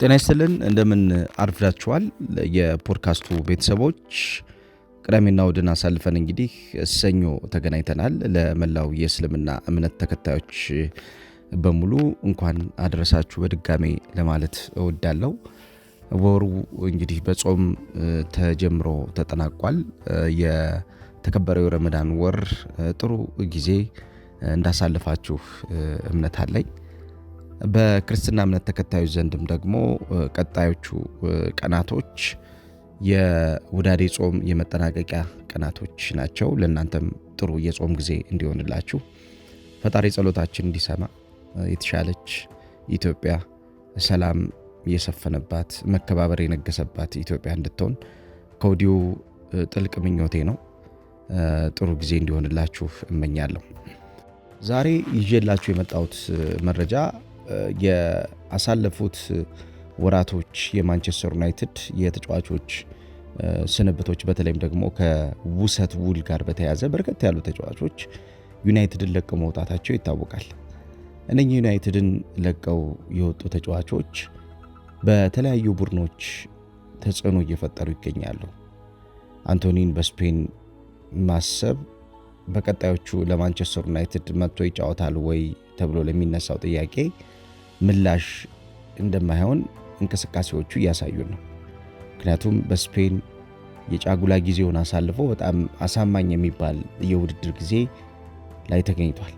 ጤና ይስጥልን እንደምን አርፍዳችኋል የፖድካስቱ ቤተሰቦች። ቅዳሜና እሁድን አሳልፈን እንግዲህ ሰኞ ተገናኝተናል። ለመላው የእስልምና እምነት ተከታዮች በሙሉ እንኳን አደረሳችሁ በድጋሜ ለማለት እወዳለሁ። ወሩ እንግዲህ በጾም ተጀምሮ ተጠናቋል። የተከበረው የረመዳን ወር ጥሩ ጊዜ እንዳሳልፋችሁ እምነት አለኝ። በክርስትና እምነት ተከታዮች ዘንድም ደግሞ ቀጣዮቹ ቀናቶች የውዳዴ ጾም የመጠናቀቂያ ቀናቶች ናቸው። ለእናንተም ጥሩ የጾም ጊዜ እንዲሆንላችሁ ፈጣሪ ጸሎታችን እንዲሰማ የተሻለች ኢትዮጵያ ሰላም የሰፈነባት መከባበር የነገሰባት ኢትዮጵያ እንድትሆን ከወዲሁ ጥልቅ ምኞቴ ነው። ጥሩ ጊዜ እንዲሆንላችሁ እመኛለሁ። ዛሬ ይዤላችሁ የመጣሁት መረጃ የአሳለፉት ወራቶች የማንቸስተር ዩናይትድ የተጫዋቾች ስንብቶች በተለይም ደግሞ ከውሰት ውል ጋር በተያያዘ በርከት ያሉ ተጫዋቾች ዩናይትድን ለቀው መውጣታቸው ይታወቃል። እነኚህ ዩናይትድን ለቀው የወጡ ተጫዋቾች በተለያዩ ቡድኖች ተጽዕኖ እየፈጠሩ ይገኛሉ። አንቶኒን በስፔን ማሰብ በቀጣዮቹ ለማንቸስተር ዩናይትድ መጥቶ ይጫወታል ወይ ተብሎ ለሚነሳው ጥያቄ ምላሽ እንደማይሆን እንቅስቃሴዎቹ እያሳዩ ነው። ምክንያቱም በስፔን የጫጉላ ጊዜውን አሳልፎ በጣም አሳማኝ የሚባል የውድድር ጊዜ ላይ ተገኝቷል።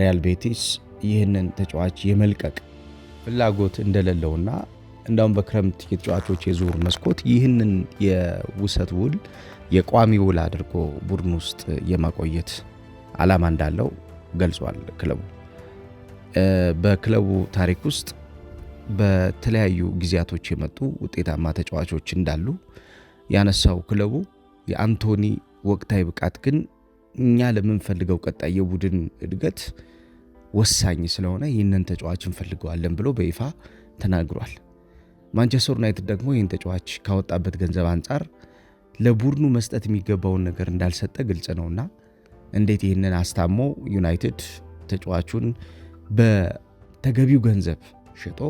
ሪያል ቤቲስ ይህንን ተጫዋች የመልቀቅ ፍላጎት እንደሌለውና እንዳውም በክረምት የተጫዋቾች የዝውውር መስኮት ይህንን የውሰት ውል የቋሚ ውል አድርጎ ቡድን ውስጥ የማቆየት ዓላማ እንዳለው ገልጿል ክለቡ። በክለቡ ታሪክ ውስጥ በተለያዩ ጊዜያቶች የመጡ ውጤታማ ተጫዋቾች እንዳሉ ያነሳው ክለቡ የአንቶኒ ወቅታዊ ብቃት ግን እኛ ለምንፈልገው ቀጣይ የቡድን እድገት ወሳኝ ስለሆነ ይህንን ተጫዋች እንፈልገዋለን ብሎ በይፋ ተናግሯል። ማንቸስተር ዩናይትድ ደግሞ ይህን ተጫዋች ካወጣበት ገንዘብ አንጻር ለቡድኑ መስጠት የሚገባውን ነገር እንዳልሰጠ ግልጽ ነውና እንዴት ይህንን አስታሞ ዩናይትድ ተጫዋቹን በተገቢው ገንዘብ ሽጦ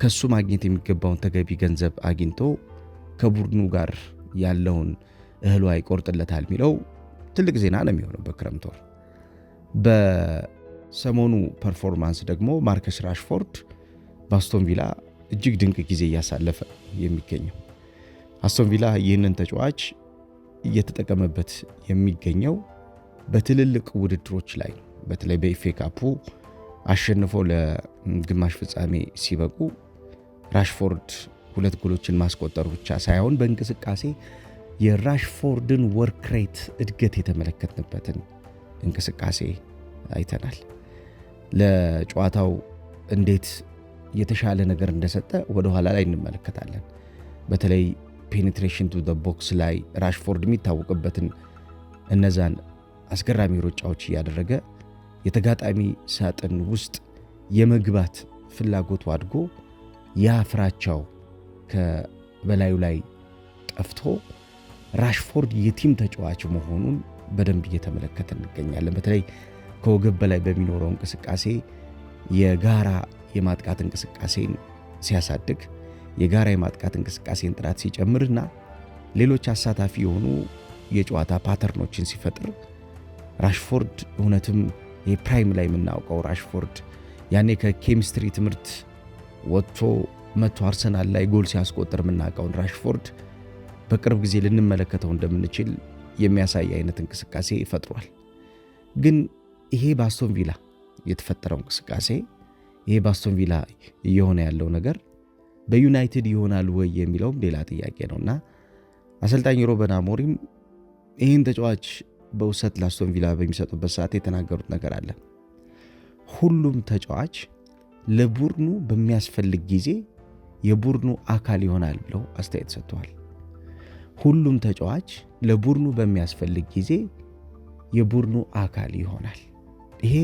ከሱ ማግኘት የሚገባውን ተገቢ ገንዘብ አግኝቶ ከቡድኑ ጋር ያለውን እህሏ ይቆርጥለታል የሚለው ትልቅ ዜና ነው የሚሆነው በክረምት ወር። በሰሞኑ ፐርፎርማንስ ደግሞ ማርከስ ራሽፎርድ በአስቶን ቪላ እጅግ ድንቅ ጊዜ እያሳለፈ የሚገኘው አስቶን ቪላ ይህንን ተጫዋች እየተጠቀመበት የሚገኘው በትልልቅ ውድድሮች ላይ ነው። በተለይ በኢፌ ካፑ አሸንፎ ለግማሽ ፍጻሜ ሲበቁ ራሽፎርድ ሁለት ጎሎችን ማስቆጠሩ ብቻ ሳይሆን በእንቅስቃሴ የራሽፎርድን ወርክሬት እድገት የተመለከትንበትን እንቅስቃሴ አይተናል። ለጨዋታው እንዴት የተሻለ ነገር እንደሰጠ ወደኋላ ላይ እንመለከታለን። በተለይ ፔኔትሬሽን ቱ ቦክስ ላይ ራሽፎርድ የሚታወቅበትን እነዛን አስገራሚ ሩጫዎች እያደረገ የተጋጣሚ ሳጥን ውስጥ የመግባት ፍላጎቱ አድጎ ያ ፍራቻው ከበላዩ ላይ ጠፍቶ ራሽፎርድ የቲም ተጫዋች መሆኑን በደንብ እየተመለከተ እንገኛለን። በተለይ ከወገብ በላይ በሚኖረው እንቅስቃሴ የጋራ የማጥቃት እንቅስቃሴን ሲያሳድግ፣ የጋራ የማጥቃት እንቅስቃሴን ጥራት ሲጨምርና ሌሎች አሳታፊ የሆኑ የጨዋታ ፓተርኖችን ሲፈጥር ራሽፎርድ እውነትም የፕራይም ፕራይም ላይ የምናውቀው ራሽፎርድ ያኔ ከኬሚስትሪ ትምህርት ወጥቶ መቶ አርሰናል ላይ ጎል ሲያስቆጥር የምናውቀውን ራሽፎርድ በቅርብ ጊዜ ልንመለከተው እንደምንችል የሚያሳይ አይነት እንቅስቃሴ ፈጥሯል። ግን ይሄ በአስቶን ቪላ የተፈጠረው እንቅስቃሴ ይሄ በአስቶን ቪላ እየሆነ ያለው ነገር በዩናይትድ ይሆናል ወይ የሚለውም ሌላ ጥያቄ ነውና አሰልጣኝ ሮበን አሞሪም ይህን ተጫዋች በውሰት ላስቶን ቪላ በሚሰጡበት ሰዓት የተናገሩት ነገር አለ። ሁሉም ተጫዋች ለቡድኑ በሚያስፈልግ ጊዜ የቡድኑ አካል ይሆናል ብለው አስተያየት ሰጥተዋል። ሁሉም ተጫዋች ለቡድኑ በሚያስፈልግ ጊዜ የቡድኑ አካል ይሆናል። ይሄ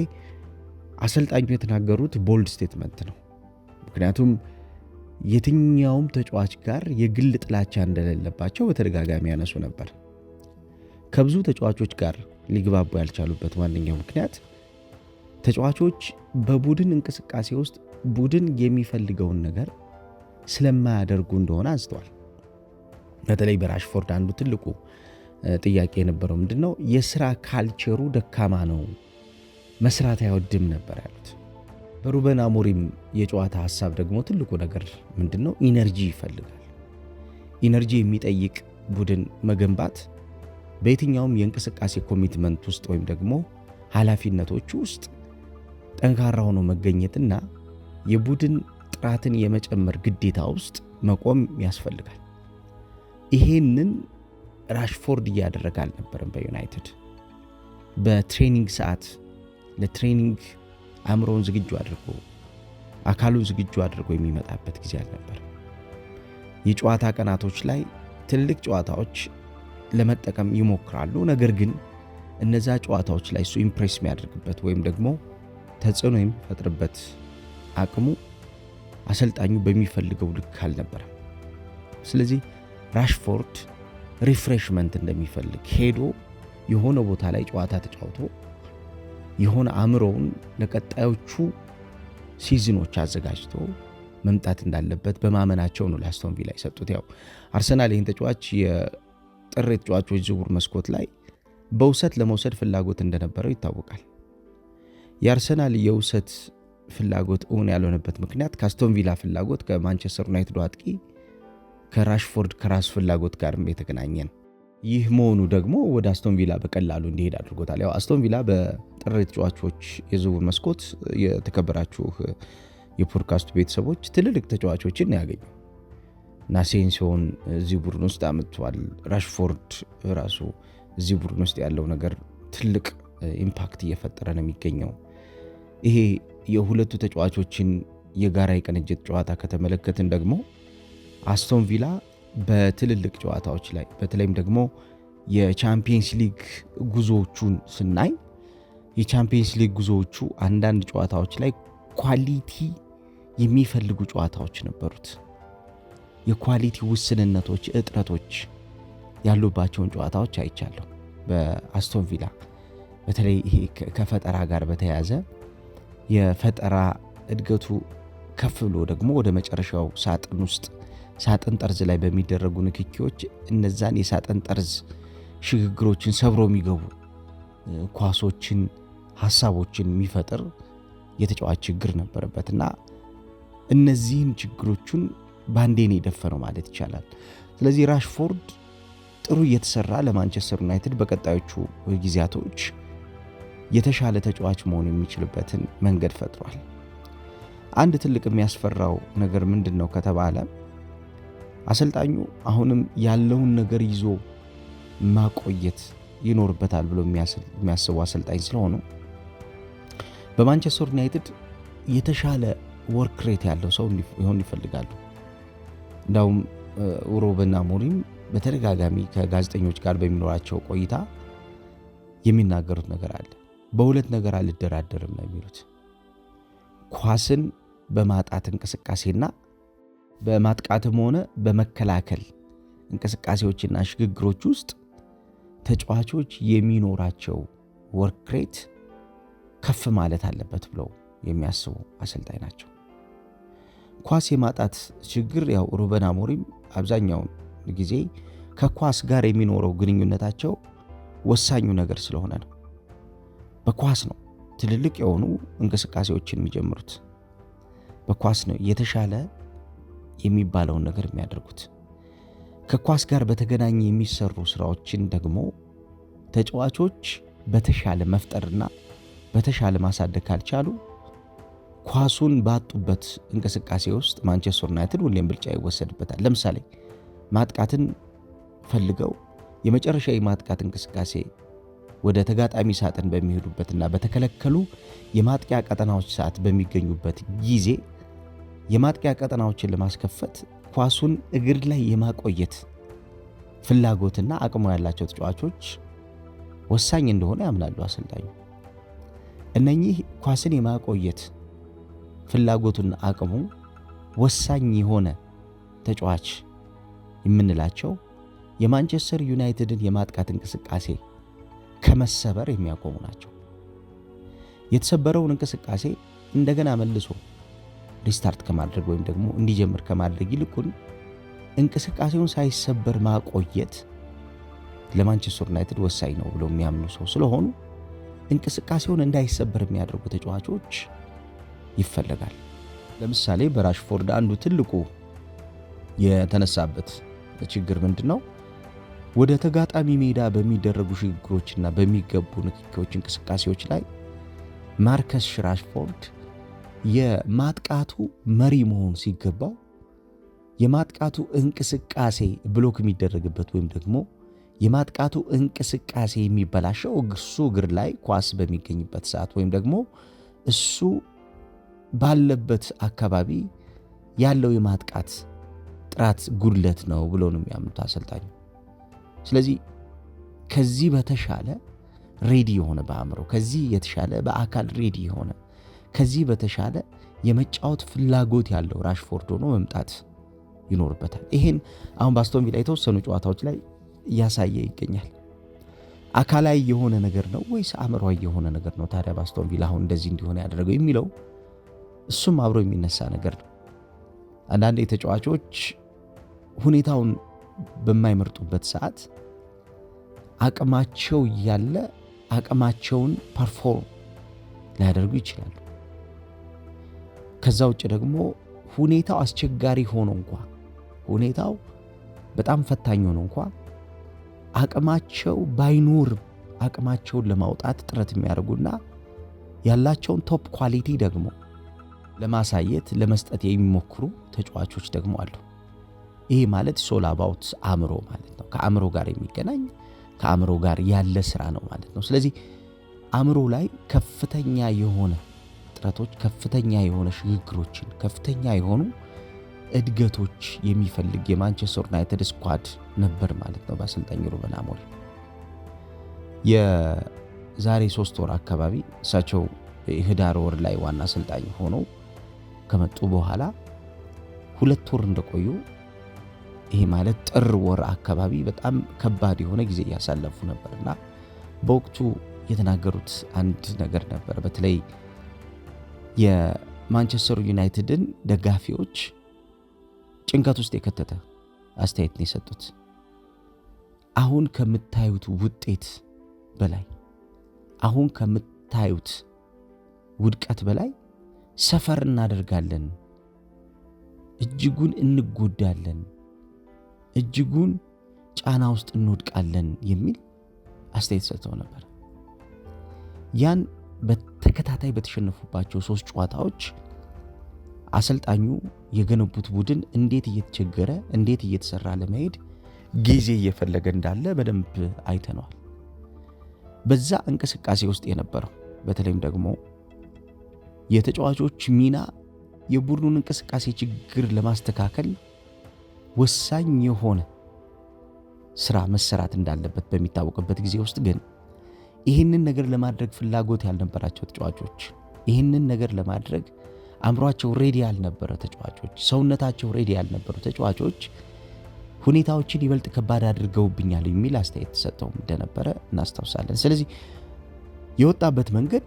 አሰልጣኙ የተናገሩት ቦልድ ስቴትመንት ነው። ምክንያቱም የትኛውም ተጫዋች ጋር የግል ጥላቻ እንደሌለባቸው በተደጋጋሚ ያነሱ ነበር። ከብዙ ተጫዋቾች ጋር ሊግባቡ ያልቻሉበት ዋነኛው ምክንያት ተጫዋቾች በቡድን እንቅስቃሴ ውስጥ ቡድን የሚፈልገውን ነገር ስለማያደርጉ እንደሆነ አንስተዋል። በተለይ በራሽፎርድ አንዱ ትልቁ ጥያቄ የነበረው ምንድን ነው፣ የስራ ካልቸሩ ደካማ ነው፣ መስራት አይወድም ነበር ያሉት። በሩበን አሞሪም የጨዋታ ሀሳብ ደግሞ ትልቁ ነገር ምንድን ነው፣ ኢነርጂ ይፈልጋል። ኢነርጂ የሚጠይቅ ቡድን መገንባት በየትኛውም የእንቅስቃሴ ኮሚትመንት ውስጥ ወይም ደግሞ ኃላፊነቶች ውስጥ ጠንካራ ሆኖ መገኘትና የቡድን ጥራትን የመጨመር ግዴታ ውስጥ መቆም ያስፈልጋል። ይሄንን ራሽፎርድ እያደረገ አልነበረም። በዩናይትድ በትሬኒንግ ሰዓት ለትሬኒንግ አእምሮውን ዝግጁ አድርጎ አካሉን ዝግጁ አድርጎ የሚመጣበት ጊዜ አልነበረም። የጨዋታ ቀናቶች ላይ ትልቅ ጨዋታዎች ለመጠቀም ይሞክራሉ። ነገር ግን እነዛ ጨዋታዎች ላይ እሱ ኢምፕሬስ የሚያደርግበት ወይም ደግሞ ተጽዕኖ የሚፈጥርበት አቅሙ አሰልጣኙ በሚፈልገው ልክ አልነበረም። ስለዚህ ራሽፎርድ ሪፍሬሽመንት እንደሚፈልግ ሄዶ የሆነ ቦታ ላይ ጨዋታ ተጫውቶ የሆነ አእምሮውን ለቀጣዮቹ ሲዝኖች አዘጋጅቶ መምጣት እንዳለበት በማመናቸው ነው ለአስቶን ቪላ የሰጡት። ያው አርሰናል ይህን ተጫዋች ጥር ተጫዋቾች ዝውውር መስኮት ላይ በውሰት ለመውሰድ ፍላጎት እንደነበረው ይታወቃል። የአርሰናል የውሰት ፍላጎት እውን ያልሆነበት ምክንያት ከአስቶን ቪላ ፍላጎት፣ ከማንቸስተር ዩናይትድ አጥቂ ከራሽፎርድ ከራሱ ፍላጎት ጋርም የተገናኘ ነው። ይህ መሆኑ ደግሞ ወደ አስቶን ቪላ በቀላሉ እንዲሄድ አድርጎታል። ያው አስቶን ቪላ በጥር ተጫዋቾች የዝውውር መስኮት የተከበራችሁ የፖድካስቱ ቤተሰቦች ትልልቅ ተጫዋቾችን ያገኙ እና ሴንሲዮን እዚህ ቡድን ውስጥ አምጥቷል። ራሽፎርድ ራሱ እዚህ ቡድን ውስጥ ያለው ነገር ትልቅ ኢምፓክት እየፈጠረ ነው የሚገኘው። ይሄ የሁለቱ ተጫዋቾችን የጋራ የቅንጅት ጨዋታ ከተመለከትን ደግሞ አስቶን ቪላ በትልልቅ ጨዋታዎች ላይ በተለይም ደግሞ የቻምፒየንስ ሊግ ጉዞዎቹን ስናይ የቻምፒየንስ ሊግ ጉዞዎቹ አንዳንድ ጨዋታዎች ላይ ኳሊቲ የሚፈልጉ ጨዋታዎች ነበሩት። የኳሊቲ ውስንነቶች፣ እጥረቶች ያሉባቸውን ጨዋታዎች አይቻለሁ። በአስቶን ቪላ በተለይ ይሄ ከፈጠራ ጋር በተያያዘ የፈጠራ እድገቱ ከፍ ብሎ ደግሞ ወደ መጨረሻው ሳጥን ውስጥ ሳጥን ጠርዝ ላይ በሚደረጉ ንክኪዎች እነዛን የሳጥን ጠርዝ ሽግግሮችን ሰብሮ የሚገቡ ኳሶችን፣ ሀሳቦችን የሚፈጥር የተጫዋች ችግር ነበረበት እና እነዚህን ችግሮቹን ባንዴ ነው የደፈነው ማለት ይቻላል። ስለዚህ ራሽፎርድ ጥሩ እየተሰራ ለማንቸስተር ዩናይትድ በቀጣዮቹ ጊዜያቶች የተሻለ ተጫዋች መሆን የሚችልበትን መንገድ ፈጥሯል። አንድ ትልቅ የሚያስፈራው ነገር ምንድን ነው ከተባለ አሰልጣኙ አሁንም ያለውን ነገር ይዞ ማቆየት ይኖርበታል ብሎ የሚያስቡ አሰልጣኝ ስለሆኑ በማንቸስተር ዩናይትድ የተሻለ ወርክ ሬት ያለው ሰው ይሆን ይፈልጋሉ። እንዳውም ሩበን ሞሪም በተደጋጋሚ ከጋዜጠኞች ጋር በሚኖራቸው ቆይታ የሚናገሩት ነገር አለ። በሁለት ነገር አልደራደርም ነው የሚሉት። ኳስን በማጣት እንቅስቃሴና በማጥቃትም ሆነ በመከላከል እንቅስቃሴዎችና ሽግግሮች ውስጥ ተጫዋቾች የሚኖራቸው ወርክ ሬት ከፍ ማለት አለበት ብለው የሚያስቡ አሰልጣኝ ናቸው። ኳስ የማጣት ችግር ያው ሩበን አሞሪም አብዛኛውን ጊዜ ከኳስ ጋር የሚኖረው ግንኙነታቸው ወሳኙ ነገር ስለሆነ ነው። በኳስ ነው ትልልቅ የሆኑ እንቅስቃሴዎችን የሚጀምሩት። በኳስ ነው የተሻለ የሚባለውን ነገር የሚያደርጉት። ከኳስ ጋር በተገናኘ የሚሰሩ ስራዎችን ደግሞ ተጫዋቾች በተሻለ መፍጠርና በተሻለ ማሳደግ ካልቻሉ ኳሱን ባጡበት እንቅስቃሴ ውስጥ ማንቸስተር ዩናይትድ ሁሌም ብልጫ ይወሰድበታል። ለምሳሌ ማጥቃትን ፈልገው የመጨረሻ የማጥቃት እንቅስቃሴ ወደ ተጋጣሚ ሳጥን በሚሄዱበትና በተከለከሉ የማጥቂያ ቀጠናዎች ሰዓት በሚገኙበት ጊዜ የማጥቂያ ቀጠናዎችን ለማስከፈት ኳሱን እግር ላይ የማቆየት ፍላጎትና አቅሙ ያላቸው ተጫዋቾች ወሳኝ እንደሆነ ያምናሉ አሰልጣኙ። እነኚህ ኳስን የማቆየት ፍላጎቱና አቅሙ ወሳኝ የሆነ ተጫዋች የምንላቸው የማንቸስተር ዩናይትድን የማጥቃት እንቅስቃሴ ከመሰበር የሚያቆሙ ናቸው። የተሰበረውን እንቅስቃሴ እንደገና መልሶ ሪስታርት ከማድረግ ወይም ደግሞ እንዲጀምር ከማድረግ ይልቁን እንቅስቃሴውን ሳይሰበር ማቆየት ለማንቸስተር ዩናይትድ ወሳኝ ነው ብለው የሚያምኑ ሰው ስለሆኑ እንቅስቃሴውን እንዳይሰበር የሚያደርጉ ተጫዋቾች ይፈለጋል። ለምሳሌ በራሽፎርድ አንዱ ትልቁ የተነሳበት ችግር ምንድን ነው? ወደ ተጋጣሚ ሜዳ በሚደረጉ ሽግግሮችና በሚገቡ ንክኪዎች፣ እንቅስቃሴዎች ላይ ማርከስ ራሽፎርድ የማጥቃቱ መሪ መሆን ሲገባው የማጥቃቱ እንቅስቃሴ ብሎክ የሚደረግበት ወይም ደግሞ የማጥቃቱ እንቅስቃሴ የሚበላሸው እሱ እግር ላይ ኳስ በሚገኝበት ሰዓት ወይም ደግሞ እሱ ባለበት አካባቢ ያለው የማጥቃት ጥራት ጉድለት ነው ብሎ ነው የሚያምኑት አሰልጣኝ። ስለዚህ ከዚህ በተሻለ ሬዲ የሆነ በአእምሮ ከዚህ የተሻለ በአካል ሬዲ የሆነ ከዚህ በተሻለ የመጫወት ፍላጎት ያለው ራሽፎርድ ሆኖ መምጣት ይኖርበታል። ይሄን አሁን በአስቶን ቪላ የተወሰኑ ጨዋታዎች ላይ እያሳየ ይገኛል። አካላዊ የሆነ ነገር ነው ወይስ አእምሯዊ የሆነ ነገር ነው ታዲያ በአስቶን ቪላ አሁን እንደዚህ እንዲሆነ ያደረገው የሚለው እሱም አብሮ የሚነሳ ነገር ነው። አንዳንዴ ተጫዋቾች ሁኔታውን በማይመርጡበት ሰዓት አቅማቸው እያለ አቅማቸውን ፐርፎርም ሊያደርጉ ይችላሉ። ከዛ ውጭ ደግሞ ሁኔታው አስቸጋሪ ሆኖ እንኳ ሁኔታው በጣም ፈታኝ ሆኖ እንኳ አቅማቸው ባይኖር አቅማቸውን ለማውጣት ጥረት የሚያደርጉና ያላቸውን ቶፕ ኳሊቲ ደግሞ ለማሳየት ለመስጠት የሚሞክሩ ተጫዋቾች ደግሞ አሉ። ይሄ ማለት ሶል አባውት አእምሮ ማለት ነው። ከአእምሮ ጋር የሚገናኝ ከአእምሮ ጋር ያለ ስራ ነው ማለት ነው። ስለዚህ አእምሮ ላይ ከፍተኛ የሆነ ጥረቶች፣ ከፍተኛ የሆነ ሽግግሮችን፣ ከፍተኛ የሆኑ እድገቶች የሚፈልግ የማንቸስተር ዩናይትድ ስኳድ ነበር ማለት ነው በአሰልጣኝ ሩበን አሞሪም። የዛሬ ሶስት ወር አካባቢ እሳቸው ህዳር ወር ላይ ዋና አሰልጣኝ ሆነው ከመጡ በኋላ ሁለት ወር እንደቆዩ ይሄ ማለት ጥር ወር አካባቢ በጣም ከባድ የሆነ ጊዜ እያሳለፉ ነበር እና በወቅቱ የተናገሩት አንድ ነገር ነበር። በተለይ የማንቸስተር ዩናይትድን ደጋፊዎች ጭንቀት ውስጥ የከተተ አስተያየት ነው የሰጡት። አሁን ከምታዩት ውጤት በላይ አሁን ከምታዩት ውድቀት በላይ ሰፈር እናደርጋለን። እጅጉን እንጎዳለን፣ እጅጉን ጫና ውስጥ እንወድቃለን የሚል አስተያየት ሰጥተው ነበር። ያን በተከታታይ በተሸነፉባቸው ሶስት ጨዋታዎች አሰልጣኙ የገነቡት ቡድን እንዴት እየተቸገረ እንዴት እየተሰራ ለመሄድ ጊዜ እየፈለገ እንዳለ በደንብ አይተነዋል። በዛ እንቅስቃሴ ውስጥ የነበረው በተለይም ደግሞ የተጫዋቾች ሚና የቡድኑን እንቅስቃሴ ችግር ለማስተካከል ወሳኝ የሆነ ስራ መሰራት እንዳለበት በሚታወቅበት ጊዜ ውስጥ ግን ይህንን ነገር ለማድረግ ፍላጎት ያልነበራቸው ተጫዋቾች፣ ይህንን ነገር ለማድረግ አእምሯቸው ሬዲ ያልነበረ ተጫዋቾች፣ ሰውነታቸው ሬዲ ያልነበሩ ተጫዋቾች ሁኔታዎችን ይበልጥ ከባድ አድርገውብኛል የሚል አስተያየት ተሰጠውም እንደነበረ እናስታውሳለን። ስለዚህ የወጣበት መንገድ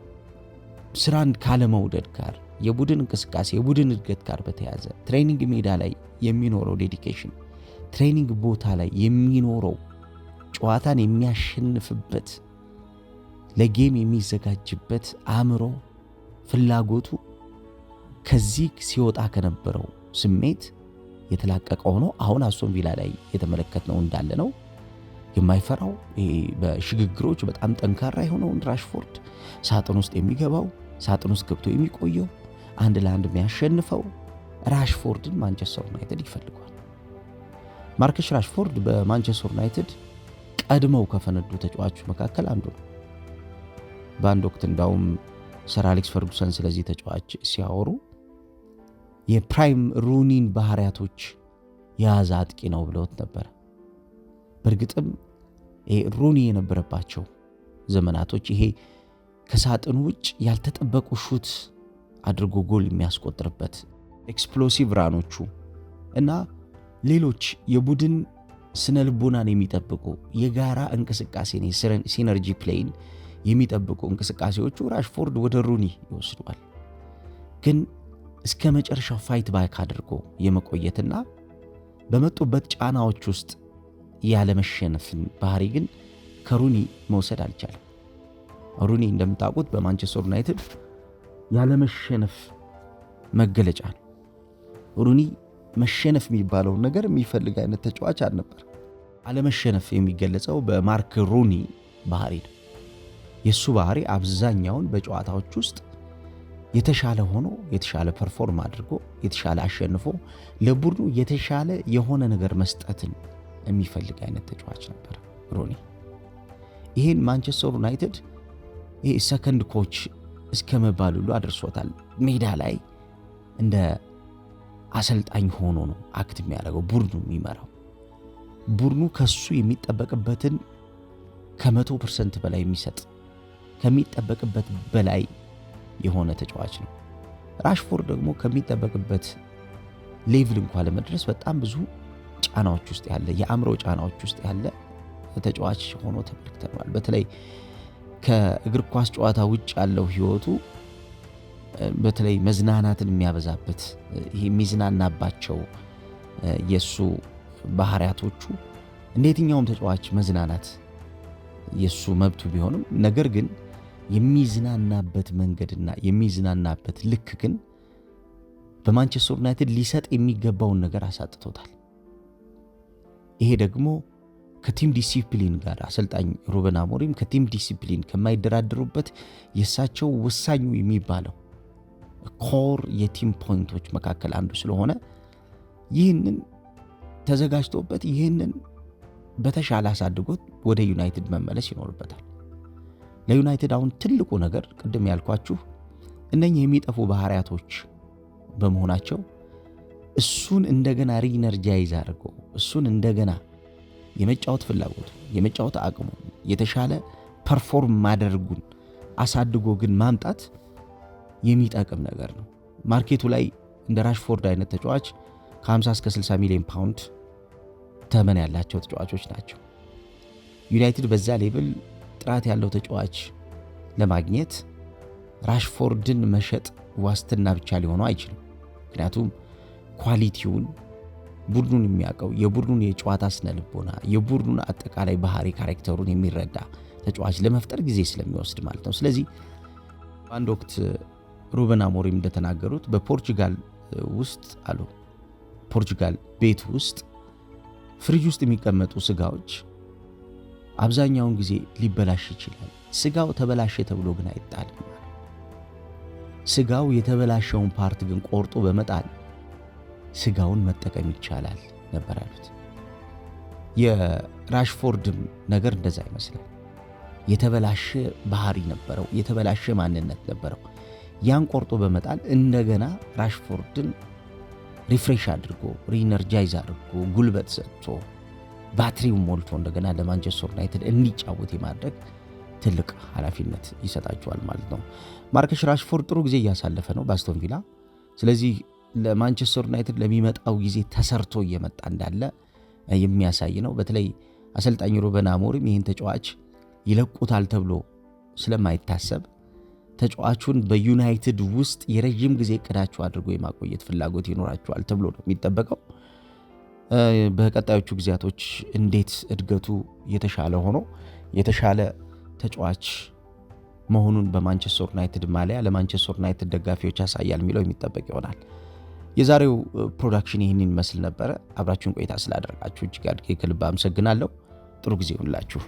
ስራን ካለመውደድ ጋር የቡድን እንቅስቃሴ የቡድን እድገት ጋር በተያዘ ትሬኒንግ ሜዳ ላይ የሚኖረው ዴዲኬሽን፣ ትሬኒንግ ቦታ ላይ የሚኖረው ጨዋታን የሚያሸንፍበት ለጌም የሚዘጋጅበት አእምሮ ፍላጎቱ ከዚህ ሲወጣ ከነበረው ስሜት የተላቀቀ ሆኖ አሁን አስቶን ቪላ ላይ የተመለከትነው እንዳለ ነው። የማይፈራው በሽግግሮች በጣም ጠንካራ የሆነውን ራሽፎርድ ሳጥን ውስጥ የሚገባው ሳጥን ውስጥ ገብቶ የሚቆየው አንድ ለአንድ የሚያሸንፈው ራሽፎርድን ማንቸስተር ዩናይትድ ይፈልገዋል። ማርከስ ራሽፎርድ በማንቸስተር ዩናይትድ ቀድመው ከፈነዱ ተጫዋቾች መካከል አንዱ ነው። በአንድ ወቅት እንዳውም ሰር አሌክስ ፈርጉሰን ስለዚህ ተጫዋች ሲያወሩ የፕራይም ሩኒን ባህሪያቶች የያዘ አጥቂ ነው ብለውት ነበረ። በእርግጥም ሩኒ የነበረባቸው ዘመናቶች ይሄ ከሳጥኑ ውጭ ያልተጠበቁ ሹት አድርጎ ጎል የሚያስቆጥርበት ኤክስፕሎሲቭ ራኖቹ እና ሌሎች የቡድን ስነ ልቦናን የሚጠብቁ የጋራ እንቅስቃሴን ሲነርጂ ፕሌይን የሚጠብቁ እንቅስቃሴዎቹ ራሽፎርድ ወደ ሩኒ ይወስደዋል። ግን እስከ መጨረሻው ፋይት ባክ አድርጎ የመቆየትና በመጡበት ጫናዎች ውስጥ ያለመሸነፍን ባህሪ ግን ከሩኒ መውሰድ አልቻለም። ሩኒ እንደምታውቁት በማንቸስተር ዩናይትድ ያለመሸነፍ መገለጫ ነው። ሩኒ መሸነፍ የሚባለውን ነገር የሚፈልግ አይነት ተጫዋች አልነበር። አለመሸነፍ የሚገለጸው በማርክ ሩኒ ባህሪ ነው። የእሱ ባህሪ አብዛኛውን በጨዋታዎች ውስጥ የተሻለ ሆኖ የተሻለ ፐርፎርም አድርጎ የተሻለ አሸንፎ ለቡድኑ የተሻለ የሆነ ነገር መስጠትን የሚፈልግ አይነት ተጫዋች ነበር ሩኒ። ይህን ማንቸስተር ዩናይትድ ሰከንድ ኮች እስከ መባል ሁሉ አድርሶታል። ሜዳ ላይ እንደ አሰልጣኝ ሆኖ ነው አክት የሚያደርገው ቡድኑ የሚመራው። ቡድኑ ከሱ የሚጠበቅበትን ከመቶ ፐርሰንት በላይ የሚሰጥ ከሚጠበቅበት በላይ የሆነ ተጫዋች ነው። ራሽፎርድ ደግሞ ከሚጠበቅበት ሌቭል እንኳ ለመድረስ በጣም ብዙ ጫናዎች ውስጥ ያለ የአእምሮ ጫናዎች ውስጥ ያለ ተጫዋች ሆኖ ተመልክተነዋል። በተለይ ከእግር ኳስ ጨዋታ ውጭ ያለው ህይወቱ በተለይ መዝናናትን የሚያበዛበት የሚዝናናባቸው የእሱ ባህሪያቶቹ እንደ የትኛውም ተጫዋች መዝናናት የእሱ መብቱ ቢሆንም ነገር ግን የሚዝናናበት መንገድና የሚዝናናበት ልክ ግን በማንቸስተር ዩናይትድ ሊሰጥ የሚገባውን ነገር አሳጥቶታል። ይሄ ደግሞ ከቲም ዲሲፕሊን ጋር አሰልጣኝ ሩበን አሞሪም ከቲም ዲሲፕሊን ከማይደራደሩበት የእሳቸው ወሳኙ የሚባለው ኮር የቲም ፖይንቶች መካከል አንዱ ስለሆነ ይህንን ተዘጋጅቶበት ይህንን በተሻለ አሳድጎት ወደ ዩናይትድ መመለስ ይኖርበታል። ለዩናይትድ አሁን ትልቁ ነገር ቅድም ያልኳችሁ እነኚህ የሚጠፉ ባህሪያቶች በመሆናቸው እሱን እንደገና ሪኢነርጃይዝ አድርገው እሱን እንደገና የመጫወት ፍላጎቱ የመጫወት አቅሙ የተሻለ ፐርፎርም ማደርጉን አሳድጎ ግን ማምጣት የሚጠቅም ነገር ነው። ማርኬቱ ላይ እንደ ራሽፎርድ አይነት ተጫዋች ከ50 እስከ 60 ሚሊዮን ፓውንድ ተመን ያላቸው ተጫዋቾች ናቸው። ዩናይትድ በዛ ሌብል ጥራት ያለው ተጫዋች ለማግኘት ራሽፎርድን መሸጥ ዋስትና ብቻ ሊሆነው አይችልም። ምክንያቱም ኳሊቲውን ቡድኑን የሚያውቀው የቡድኑን የጨዋታ ስነ ልቦና የቡድኑን አጠቃላይ ባህሪ ካሬክተሩን የሚረዳ ተጫዋች ለመፍጠር ጊዜ ስለሚወስድ ማለት ነው። ስለዚህ በአንድ ወቅት ሩበን አሞሪም እንደተናገሩት በፖርቹጋል ውስጥ አሉ ፖርቹጋል ቤት ውስጥ ፍሪጅ ውስጥ የሚቀመጡ ስጋዎች አብዛኛውን ጊዜ ሊበላሽ ይችላል። ስጋው ተበላሸ ተብሎ ግን አይጣልም። ስጋው የተበላሸውን ፓርት ግን ቆርጦ በመጣል ስጋውን መጠቀም ይቻላል ነበር አሉት። የራሽፎርድም ነገር እንደዛ ይመስላል። የተበላሸ ባህሪ ነበረው፣ የተበላሸ ማንነት ነበረው። ያን ቆርጦ በመጣል እንደገና ራሽፎርድን ሪፍሬሽ አድርጎ ሪኢነርጃይዝ አድርጎ ጉልበት ሰጥቶ ባትሪው ሞልቶ እንደገና ለማንቸስተር ዩናይትድ እንዲጫወት የማድረግ ትልቅ ኃላፊነት ይሰጣቸዋል ማለት ነው። ማርከሽ ራሽፎርድ ጥሩ ጊዜ እያሳለፈ ነው በአስቶን ቪላ። ስለዚህ ለማንቸስተር ዩናይትድ ለሚመጣው ጊዜ ተሰርቶ እየመጣ እንዳለ የሚያሳይ ነው። በተለይ አሰልጣኝ ሩበን አሞሪም ይህን ተጫዋች ይለቁታል ተብሎ ስለማይታሰብ ተጫዋቹን በዩናይትድ ውስጥ የረዥም ጊዜ እቅዳቸው አድርጎ የማቆየት ፍላጎት ይኖራቸዋል ተብሎ ነው የሚጠበቀው። በቀጣዮቹ ጊዜያቶች እንዴት እድገቱ የተሻለ ሆኖ የተሻለ ተጫዋች መሆኑን በማንቸስተር ዩናይትድ ማሊያ ለማንቸስተር ዩናይትድ ደጋፊዎች ያሳያል የሚለው የሚጠበቅ ይሆናል። የዛሬው ፕሮዳክሽን ይህንን ይመስል ነበረ። አብራችሁን ቆይታ ስላደረጋችሁ እጅግ አድጌ ከልብ አመሰግናለሁ። ጥሩ ጊዜ ሁላችሁ